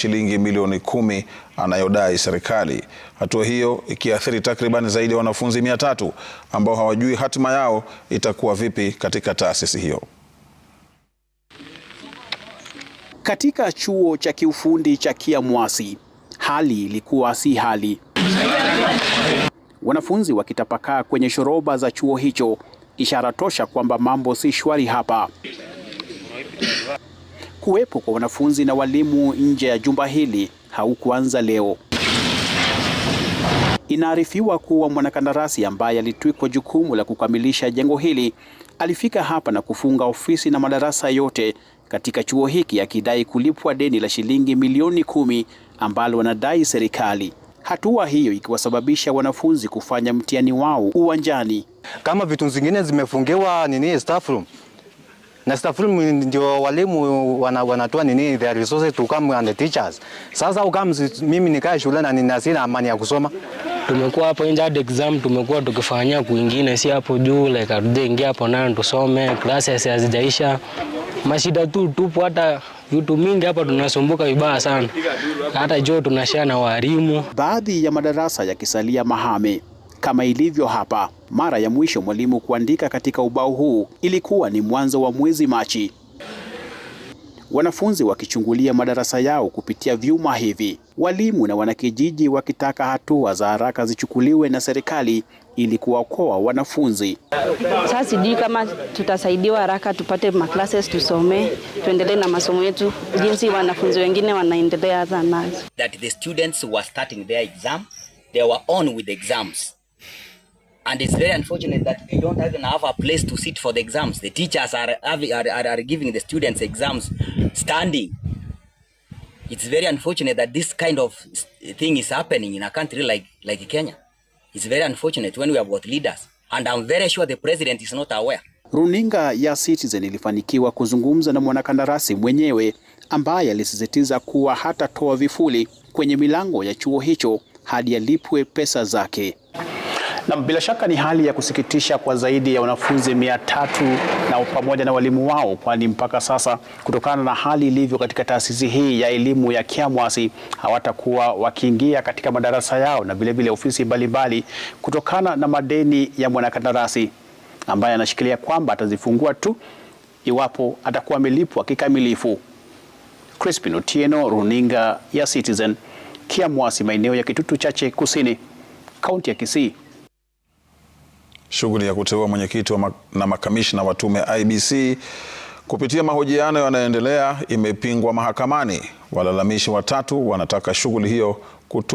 shilingi milioni kumi anayodai serikali. Hatua hiyo ikiathiri takriban zaidi ya wanafunzi mia tatu ambao hawajui hatima yao itakuwa vipi katika taasisi hiyo. Katika chuo cha kiufundi cha Kiamwasi hali ilikuwa si hali, wanafunzi wakitapakaa kwenye shoroba za chuo hicho, ishara tosha kwamba mambo si shwari hapa. Kuwepo kwa wanafunzi na walimu nje ya jumba hili haukuanza leo. Inaarifiwa kuwa mwanakandarasi ambaye alitwikwa jukumu la kukamilisha jengo hili alifika hapa na kufunga ofisi na madarasa yote katika chuo hiki akidai kulipwa deni la shilingi milioni kumi ambalo wanadai serikali, hatua hiyo ikiwasababisha wanafunzi kufanya mtihani wao uwanjani. Kama vitu zingine zimefungiwa nini staff room na ndio walimu wana, wanatoa nini the resources to come and teachers. Sasa ukams mimi nikae shule na nina sina amani ya kusoma. Tumekuwa hapo nje hadi exam tumekuwa tukifanyia kuingine si hapo juu like arudi ingia hapo na tusome, classes hazijaisha mashida tu tupo, hata vitu mingi hapa tunasumbuka vibaya sana, hata jo tunashana walimu. Baadhi ya madarasa yakisalia mahame kama ilivyo hapa. Mara ya mwisho mwalimu kuandika katika ubao huu ilikuwa ni mwanzo wa mwezi Machi, wanafunzi wakichungulia madarasa yao kupitia vyuma hivi, walimu na wanakijiji wakitaka hatua za haraka zichukuliwe na serikali ili kuwaokoa wanafunzi. Sasa sijui kama tutasaidiwa haraka tupate maclasses tusome, tuendelee na masomo yetu jinsi wanafunzi wengine wanaendelea zanazo nazo. That the students were starting their exam, they were on with exams and it's very unfortunate that we don't even have a place to sit for the exams. The teachers are, are, are, are giving the students exams standing. It's very unfortunate that this kind of thing is happening in a country like, like Kenya. It's very unfortunate when we have got leaders. And I'm very sure the president is not aware. Runinga ya Citizen ilifanikiwa kuzungumza na mwanakandarasi mwenyewe ambaye alisisitiza kuwa hatatoa vifuli kwenye milango ya chuo hicho hadi alipwe pesa zake. Na bila shaka ni hali ya kusikitisha kwa zaidi ya wanafunzi mia tatu na pamoja na walimu wao, kwani mpaka sasa kutokana na hali ilivyo katika taasisi hii ya elimu ya Kiamwasi hawatakuwa wakiingia katika madarasa yao na vilevile ofisi mbalimbali kutokana na madeni ya mwanakandarasi ambaye anashikilia kwamba atazifungua tu iwapo atakuwa amelipwa kikamilifu. Crispin Otieno, runinga ya Citizen, Kiamwasi, maeneo ya Kitutu Chache Kusini, kaunti ya Kisii. Shughuli ya kuteua mwenyekiti mak na makamishna wa tume IEBC kupitia mahojiano yanayoendelea imepingwa mahakamani. Walalamishi watatu wanataka shughuli hiyo kutu